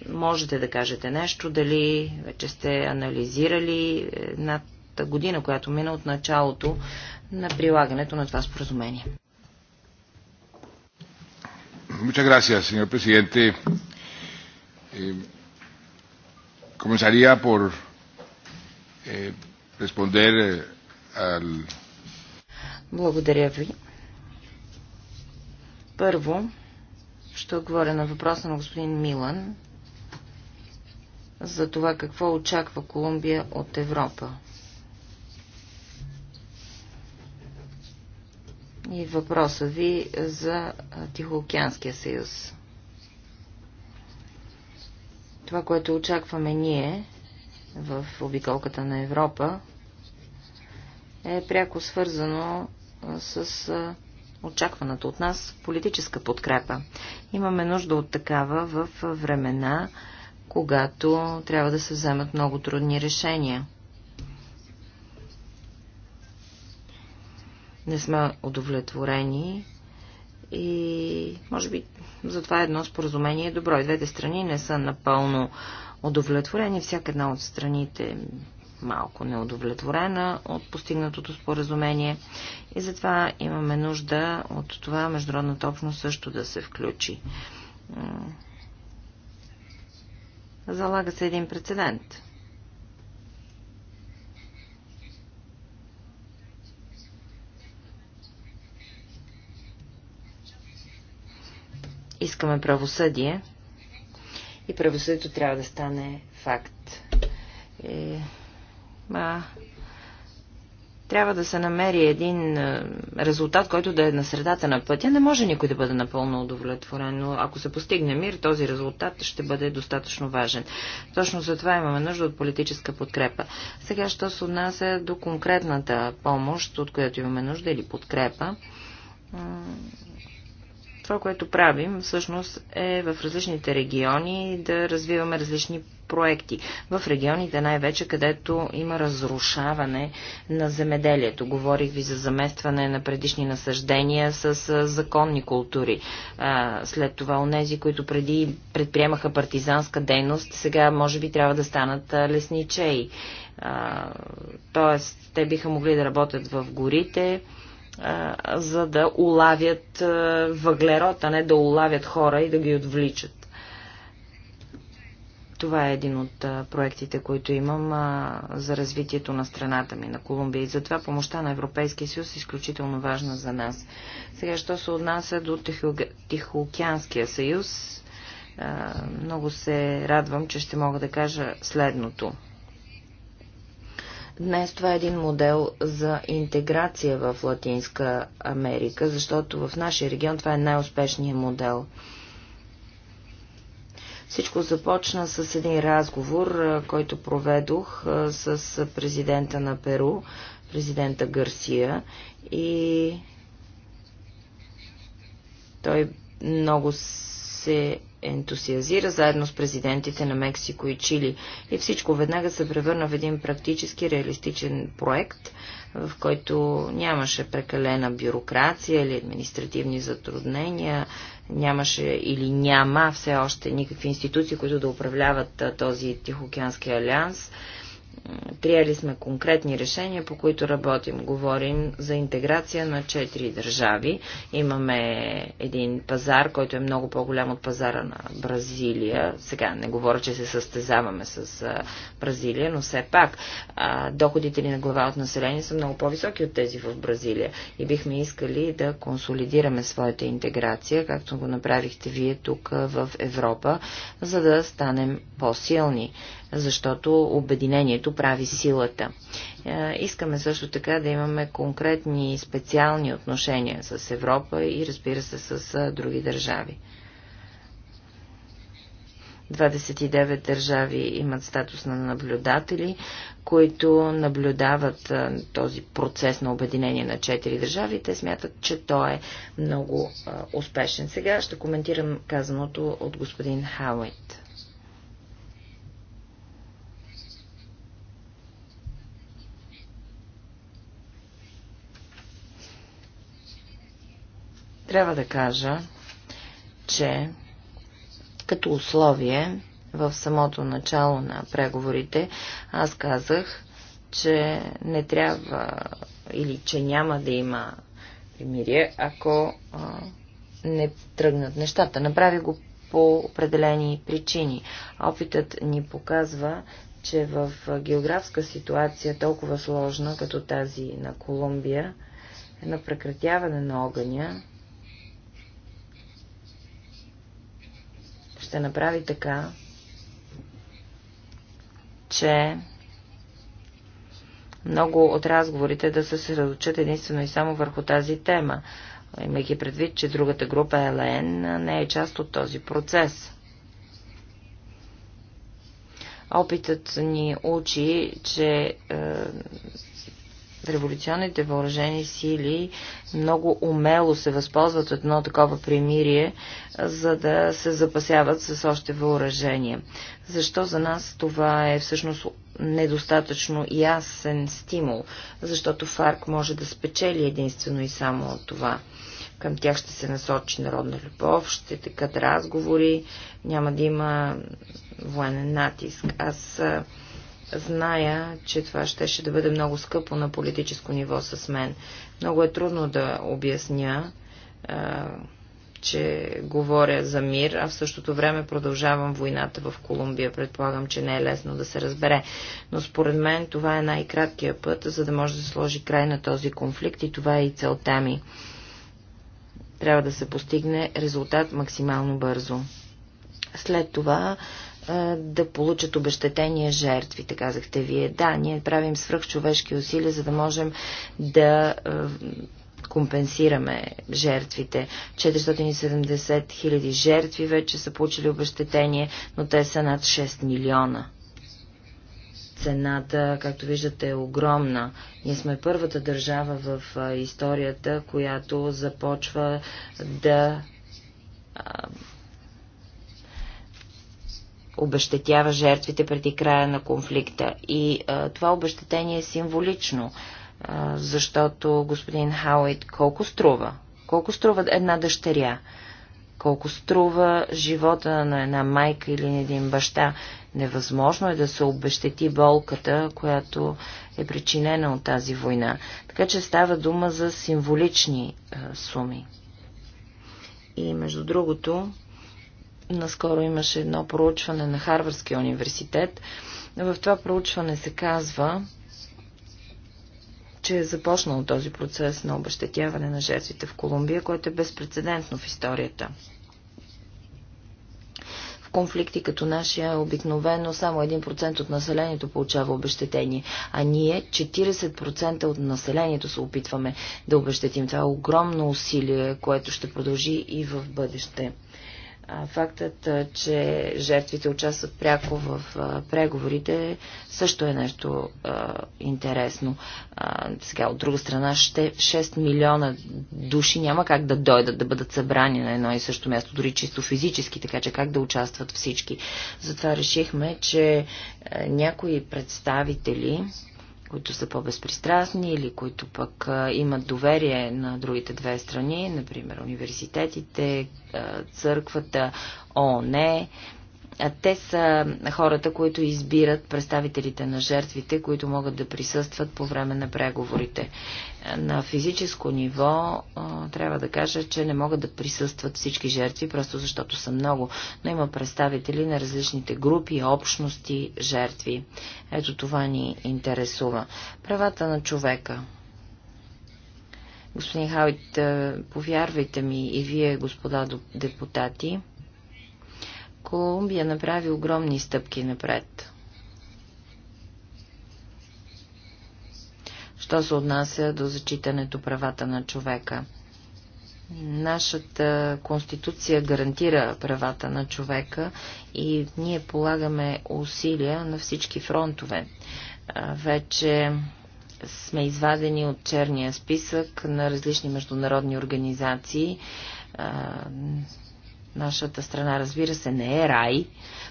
можете да кажете нещо, дали вече сте анализирали над година, която мина от началото на прилагането на това споразумение. Muchas gracias, señor presidente. Eh, comenzaría por Eh, responder eh, al... Благодаря ви. Първо, ще отговоря на въпроса на господин Милан за това какво очаква Колумбия от Европа. И въпроса ви за Тихоокеанския съюз. Това, което очакваме ние, в обиколката на Европа, е пряко свързано с очакваната от нас политическа подкрепа. Имаме нужда от такава в времена, когато трябва да се вземат много трудни решения. Не сме удовлетворени и може би затова едно споразумение е добро. И двете страни не са напълно удовлетворени. Всяка една от страните е малко неудовлетворена от постигнатото споразумение и затова имаме нужда от това международната общност също да се включи. Залага се един прецедент. Искаме правосъдие, и правосъдието трябва да стане факт. И, е, ма, трябва да се намери един е, резултат, който да е на средата на пътя. Не може никой да бъде напълно удовлетворен, но ако се постигне мир, този резултат ще бъде достатъчно важен. Точно за това имаме нужда от политическа подкрепа. Сега, що се отнася до конкретната помощ, от която имаме нужда или подкрепа, това, което правим, всъщност е в различните региони да развиваме различни проекти. В регионите най-вече, където има разрушаване на земеделието. Говорих ви за заместване на предишни насъждения с законни култури. След това онези, които преди предприемаха партизанска дейност, сега може би трябва да станат лесничеи. Тоест, те биха могли да работят в горите, за да улавят въглерод, а не да улавят хора и да ги отвличат. Това е един от проектите, които имам за развитието на страната ми, на Колумбия. И затова помощта на Европейския съюз е изключително важна за нас. Сега, що се отнася до Тихоокеанския съюз, много се радвам, че ще мога да кажа следното. Днес това е един модел за интеграция в Латинска Америка, защото в нашия регион това е най-успешният модел. Всичко започна с един разговор, който проведох с президента на Перу, президента Гарсия и той много се ентусиазира заедно с президентите на Мексико и Чили. И всичко веднага се превърна в един практически реалистичен проект, в който нямаше прекалена бюрокрация или административни затруднения, нямаше или няма все още никакви институции, които да управляват този Тихоокеански алианс. Приели сме конкретни решения, по които работим. Говорим за интеграция на четири държави. Имаме един пазар, който е много по-голям от пазара на Бразилия. Сега не говоря, че се състезаваме с Бразилия, но все пак доходите ни на глава от население са много по-високи от тези в Бразилия. И бихме искали да консолидираме своята интеграция, както го направихте вие тук в Европа, за да станем по-силни защото обединението прави силата. Е, искаме също така да имаме конкретни специални отношения с Европа и разбира се с е, други държави. 29 държави имат статус на наблюдатели, които наблюдават е, този процес на обединение на 4 държави. Те смятат, че той е много успешен. Сега ще коментирам казаното от господин Хауит. Трябва да кажа, че като условие в самото начало на преговорите аз казах, че не трябва или че няма да има примирие, ако а, не тръгнат нещата. Направи го по определени причини. Опитът ни показва, че в географска ситуация, толкова сложна като тази на Колумбия, на прекратяване на огъня, ще направи така, че много от разговорите да се съсредоточат единствено и само върху тази тема, имайки предвид, че другата група ЛН не е част от този процес. Опитът ни учи, че е, революционните въоръжени сили много умело се възползват от едно такова примирие, за да се запасяват с още въоръжение. Защо за нас това е всъщност недостатъчно ясен стимул? Защото ФАРК може да спечели единствено и само от това. Към тях ще се насочи народна любов, ще текат разговори, няма да има военен натиск. Аз Зная, че това щеше да бъде много скъпо на политическо ниво с мен. Много е трудно да обясня, че говоря за мир, а в същото време продължавам войната в Колумбия. Предполагам, че не е лесно да се разбере. Но според мен това е най-краткият път, за да може да сложи край на този конфликт и това е и целта ми. Трябва да се постигне резултат максимално бързо. След това да получат обещетения жертвите, казахте вие. Да, ние правим свръхчовешки усилия, за да можем да компенсираме жертвите. 470 хиляди жертви вече са получили обещетение, но те са над 6 милиона. Цената, както виждате, е огромна. Ние сме първата държава в историята, която започва да обещетява жертвите преди края на конфликта. И а, това обещетение е символично, а, защото господин Хауит колко струва? Колко струва една дъщеря? Колко струва живота на една майка или на един баща? Невъзможно е да се обещети болката, която е причинена от тази война. Така че става дума за символични а, суми. И между другото, Наскоро имаше едно проучване на Харвардския университет. В това проучване се казва, че е започнал този процес на обещетяване на жертвите в Колумбия, което е безпредседентно в историята. В конфликти като нашия обикновено само 1% от населението получава обещетение, а ние 40% от населението се опитваме да обещетим. Това е огромно усилие, което ще продължи и в бъдеще. Фактът, че жертвите участват пряко в преговорите, също е нещо интересно. сега, от друга страна, 6 милиона души няма как да дойдат, да бъдат събрани на едно и също място, дори чисто физически, така че как да участват всички. Затова решихме, че някои представители които са по-безпристрастни или които пък имат доверие на другите две страни, например университетите, църквата, ООН, е. Те са хората, които избират представителите на жертвите, които могат да присъстват по време на преговорите. На физическо ниво трябва да кажа, че не могат да присъстват всички жертви, просто защото са много, но има представители на различните групи, общности, жертви. Ето това ни интересува. Правата на човека. Господин Хавит, повярвайте ми и вие, господа депутати, Колумбия направи огромни стъпки напред. Що се отнася до зачитането правата на човека? Нашата конституция гарантира правата на човека и ние полагаме усилия на всички фронтове. Вече сме извадени от черния списък на различни международни организации Нашата страна, разбира се, не е рай.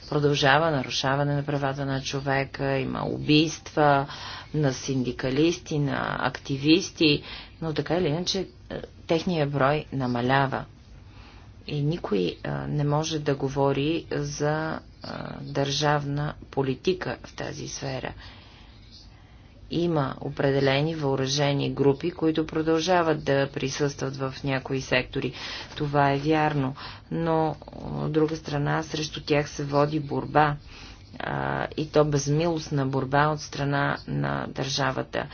Продължава нарушаване на правата на човека, има убийства на синдикалисти, на активисти, но така или иначе е, техния брой намалява. И никой е, не може да говори за е, държавна политика в тази сфера. Има определени въоръжени групи, които продължават да присъстват в някои сектори. Това е вярно, но от друга страна срещу тях се води борба и то безмилостна борба от страна на държавата.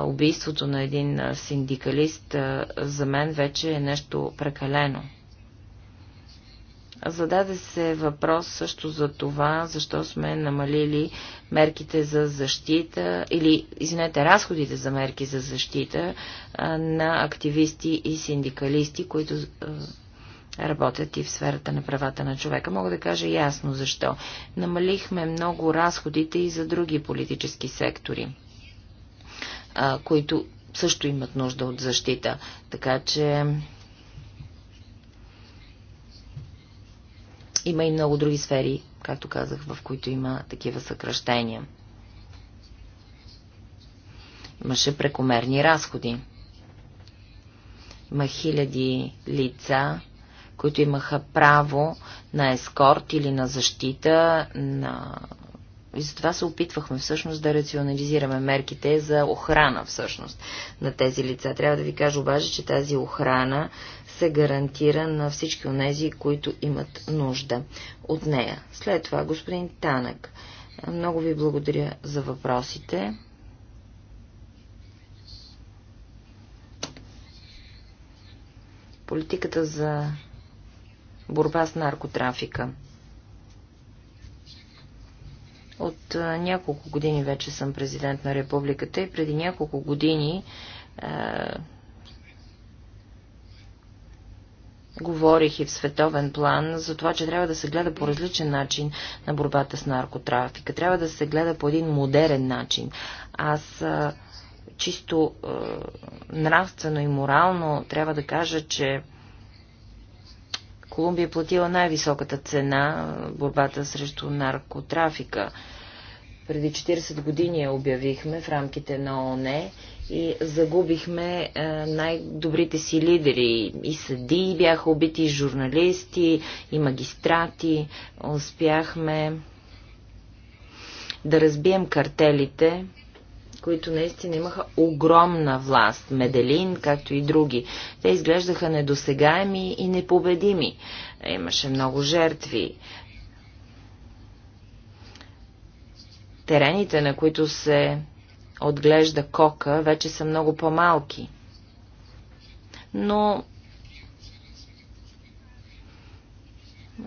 Убийството на един синдикалист за мен вече е нещо прекалено. Зададе се въпрос също за това, защо сме намалили мерките за защита или, извинете, разходите за мерки за защита на активисти и синдикалисти, които работят и в сферата на правата на човека. Мога да кажа ясно защо. Намалихме много разходите и за други политически сектори, които също имат нужда от защита. Така че Има и много други сфери, както казах, в които има такива съкръщения. Имаше прекомерни разходи. Има хиляди лица, които имаха право на ескорт или на защита на и затова се опитвахме всъщност да рационализираме мерките за охрана всъщност на тези лица. Трябва да ви кажа обаче, че тази охрана се гарантира на всички онези, които имат нужда от нея. След това, господин Танък, много ви благодаря за въпросите. Политиката за борба с наркотрафика. От няколко години вече съм президент на републиката и преди няколко години говорих и в световен план за това, че трябва да се гледа по различен начин на борбата с наркотрафика. Трябва да се гледа по един модерен начин. Аз чисто нравствено и морално трябва да кажа, че Колумбия е платила най-високата цена борбата срещу наркотрафика. Преди 40 години я обявихме в рамките на ОНЕ и загубихме е, най-добрите си лидери. И съдии бяха убити, и журналисти, и магистрати. Успяхме да разбием картелите, които наистина имаха огромна власт, Меделин, както и други. Те изглеждаха недосегаеми и непобедими. Имаше много жертви. Терените, на които се отглежда кока, вече са много по-малки. Но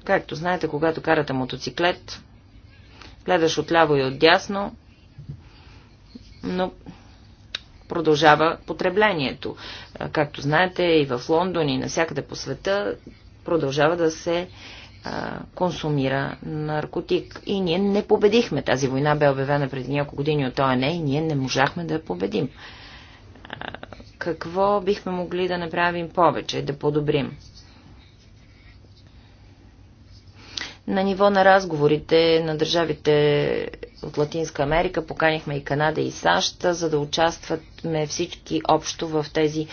Както знаете, когато карате мотоциклет, гледаш отляво и отдясно, но продължава потреблението. Както знаете, и в Лондон, и навсякъде по света продължава да се а, консумира наркотик. И ние не победихме. Тази война бе обявена преди няколко години от ОНЕ и ние не можахме да я победим. А, какво бихме могли да направим повече, да подобрим? На ниво на разговорите на държавите от Латинска Америка, поканихме и Канада и САЩ, за да участваме всички общо в тези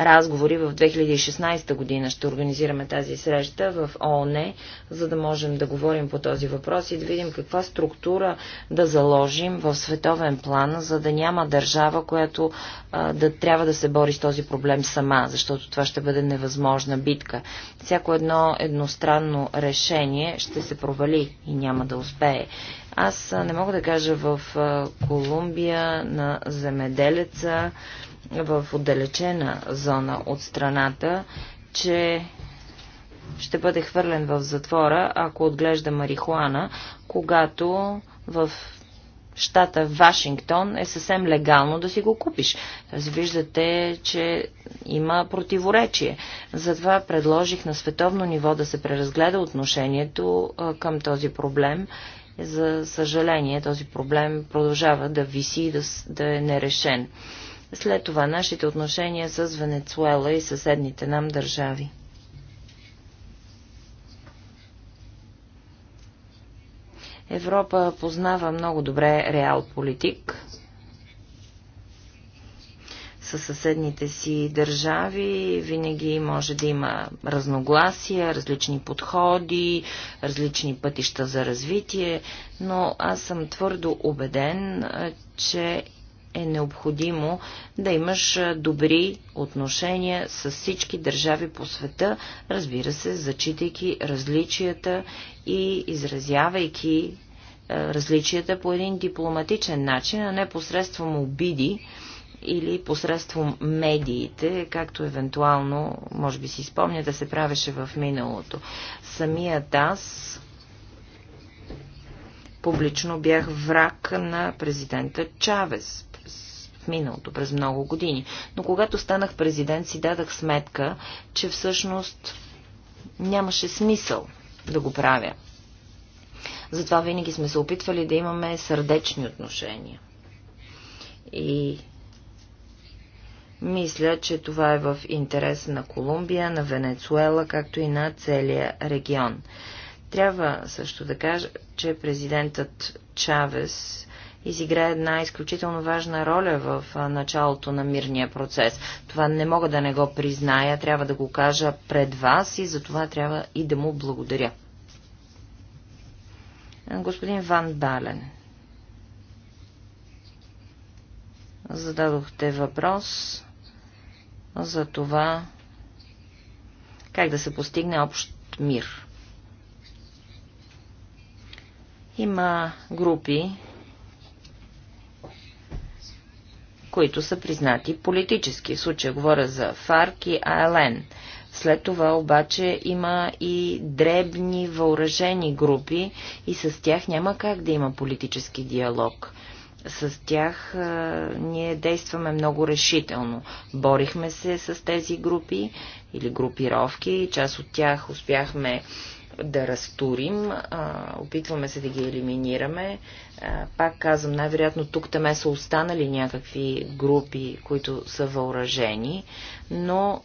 разговори. В 2016 година ще организираме тази среща в ООН, за да можем да говорим по този въпрос и да видим каква структура да заложим в световен план, за да няма държава, която а, да трябва да се бори с този проблем сама, защото това ще бъде невъзможна битка. Всяко едно едностранно решение ще се провали и няма да успее. Аз не мога да кажа в Колумбия на земеделеца в отдалечена зона от страната, че ще бъде хвърлен в затвора, ако отглежда марихуана, когато в щата Вашингтон е съвсем легално да си го купиш. Тази виждате, че има противоречие. Затова предложих на световно ниво да се преразгледа отношението към този проблем. За съжаление, този проблем продължава да виси и да, да е нерешен. След това нашите отношения с Венецуела и съседните нам държави. Европа познава много добре реал политик със съседните си държави. Винаги може да има разногласия, различни подходи, различни пътища за развитие, но аз съм твърдо убеден, че е необходимо да имаш добри отношения с всички държави по света, разбира се, зачитайки различията и изразявайки различията по един дипломатичен начин, а не посредством обиди или посредством медиите, както евентуално, може би си спомня, да се правеше в миналото. Самият аз публично бях враг на президента Чавес в миналото, през много години. Но когато станах президент, си дадах сметка, че всъщност нямаше смисъл да го правя. Затова винаги сме се опитвали да имаме сърдечни отношения. И мисля, че това е в интерес на Колумбия, на Венецуела, както и на целия регион. Трябва също да кажа, че президентът Чавес изиграе една изключително важна роля в началото на мирния процес. Това не мога да не го призная, трябва да го кажа пред вас и за това трябва и да му благодаря. Господин Ван Бален. Зададохте въпрос за това как да се постигне общ мир. Има групи, които са признати политически. В случая говоря за ФАРК и АЛН. След това обаче има и дребни въоръжени групи и с тях няма как да има политически диалог. С тях а, ние действаме много решително. Борихме се с тези групи или групировки. Част от тях успяхме да разтурим, опитваме се да ги елиминираме. Пак казвам, най-вероятно тук там са останали някакви групи, които са въоръжени, но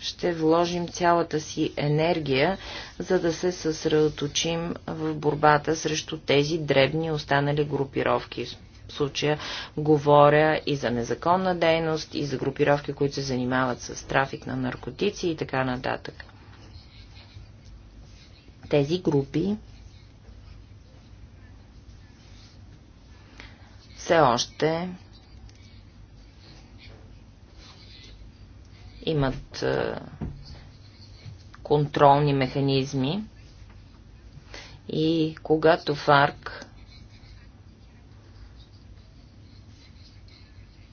ще вложим цялата си енергия, за да се съсредоточим в борбата срещу тези дребни останали групировки. В случая говоря и за незаконна дейност, и за групировки, които се занимават с трафик на наркотици и така нататък тези групи все още имат е, контролни механизми и когато ФАРК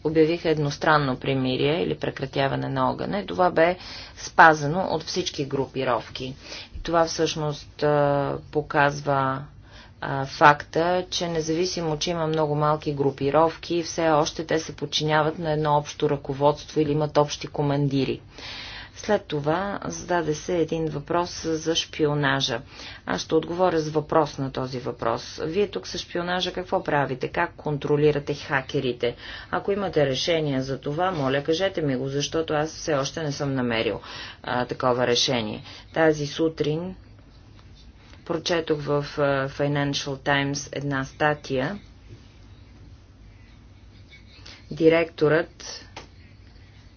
обявиха едностранно примирие или прекратяване на огъня, това бе спазено от всички групировки. Това всъщност показва факта, че независимо, че има много малки групировки, все още те се подчиняват на едно общо ръководство или имат общи командири. След това зададе се един въпрос за шпионажа. Аз ще отговоря с въпрос на този въпрос. Вие тук с шпионажа какво правите? Как контролирате хакерите? Ако имате решение за това, моля кажете ми го, защото аз все още не съм намерил а, такова решение. Тази сутрин прочетох в Financial Times една статия. Директорът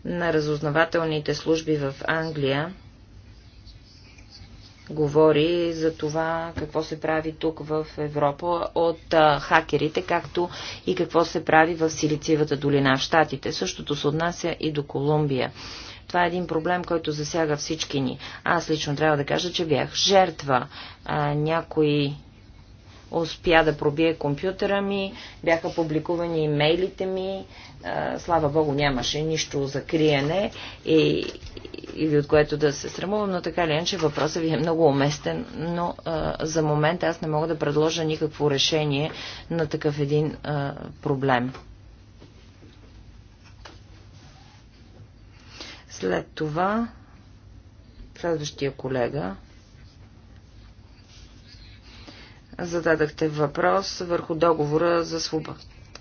на разузнавателните служби в Англия говори за това какво се прави тук в Европа от а, хакерите, както и какво се прави в Силицивата долина в Штатите. Същото се отнася и до Колумбия. Това е един проблем, който засяга всички ни. Аз лично трябва да кажа, че бях жертва. А, някои успя да пробие компютъра ми, бяха публикувани имейлите ми, слава богу нямаше нищо за криене и, или от което да се срамувам, но така ли иначе въпросът ви е много уместен, но а, за момент аз не мога да предложа никакво решение на такъв един а, проблем. След това следващия колега зададахте въпрос върху договора за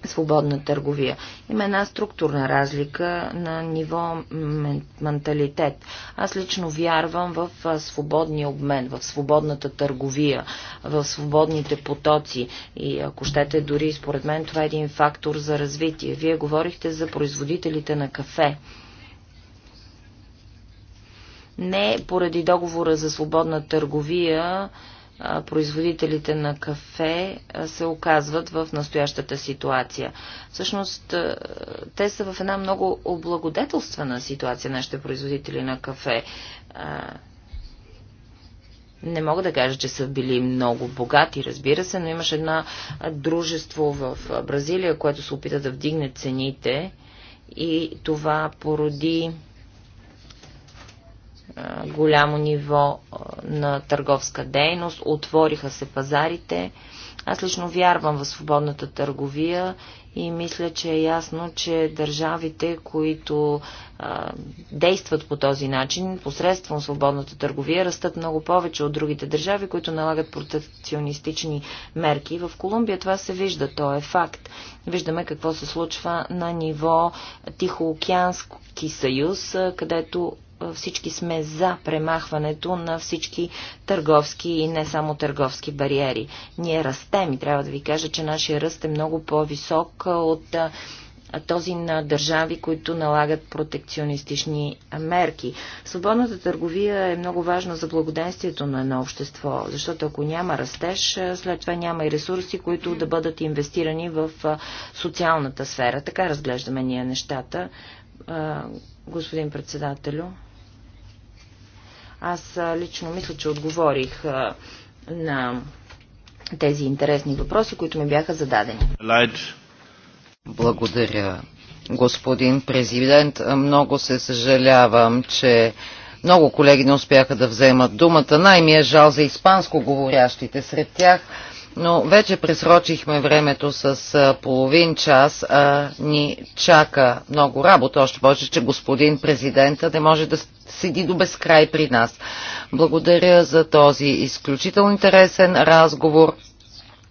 свободна търговия. Има една структурна разлика на ниво менталитет. Аз лично вярвам в свободния обмен, в свободната търговия, в свободните потоци и ако щете дори според мен това е един фактор за развитие. Вие говорихте за производителите на кафе не поради договора за свободна търговия производителите на кафе се оказват в настоящата ситуация. Всъщност, те са в една много облагодетелствена ситуация, нашите производители на кафе. Не мога да кажа, че са били много богати, разбира се, но имаше едно дружество в Бразилия, което се опита да вдигне цените и това породи голямо ниво на търговска дейност, отвориха се пазарите. Аз лично вярвам в свободната търговия и мисля, че е ясно, че държавите, които а, действат по този начин, посредством свободната търговия, растат много повече от другите държави, които налагат протекционистични мерки. В Колумбия това се вижда, то е факт. Виждаме какво се случва на ниво Тихоокеански съюз, където е, всички сме за премахването на всички търговски и не само търговски бариери. Ние растем и трябва да ви кажа, че нашия ръст е много по-висок е, от е, този на държави, които налагат протекционистични мерки. Свободната търговия е много важна за благоденствието на едно общество, защото ако няма растеж, след това няма и ресурси, които да бъдат инвестирани в социалната сфера. Така разглеждаме ние нещата. Господин председателю. Аз лично мисля, че отговорих на тези интересни въпроси, които ми бяха зададени. Благодаря, господин президент. Много се съжалявам, че много колеги не успяха да вземат думата. Най-ми е жал за испанско говорящите сред тях но вече пресрочихме времето с половин час. А, ни чака много работа, още повече, че господин президента не може да седи до безкрай при нас. Благодаря за този изключително интересен разговор.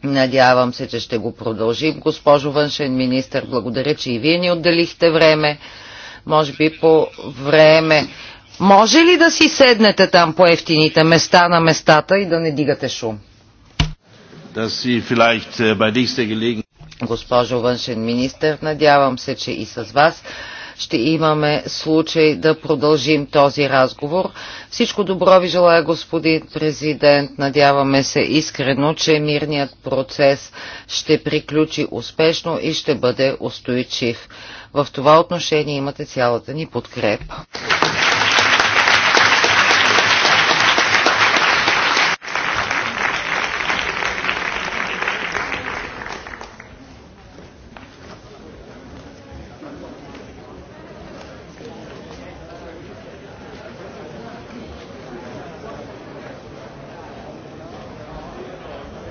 Надявам се, че ще го продължим. Госпожо външен министр, благодаря, че и вие ни отделихте време. Може би по време. Може ли да си седнете там по ефтините места на местата и да не дигате шум? Äh, Госпожо външен министр, надявам се, че и с вас ще имаме случай да продължим този разговор. Всичко добро ви желая, господин президент. Надяваме се искрено, че мирният процес ще приключи успешно и ще бъде устойчив. В това отношение имате цялата ни подкрепа.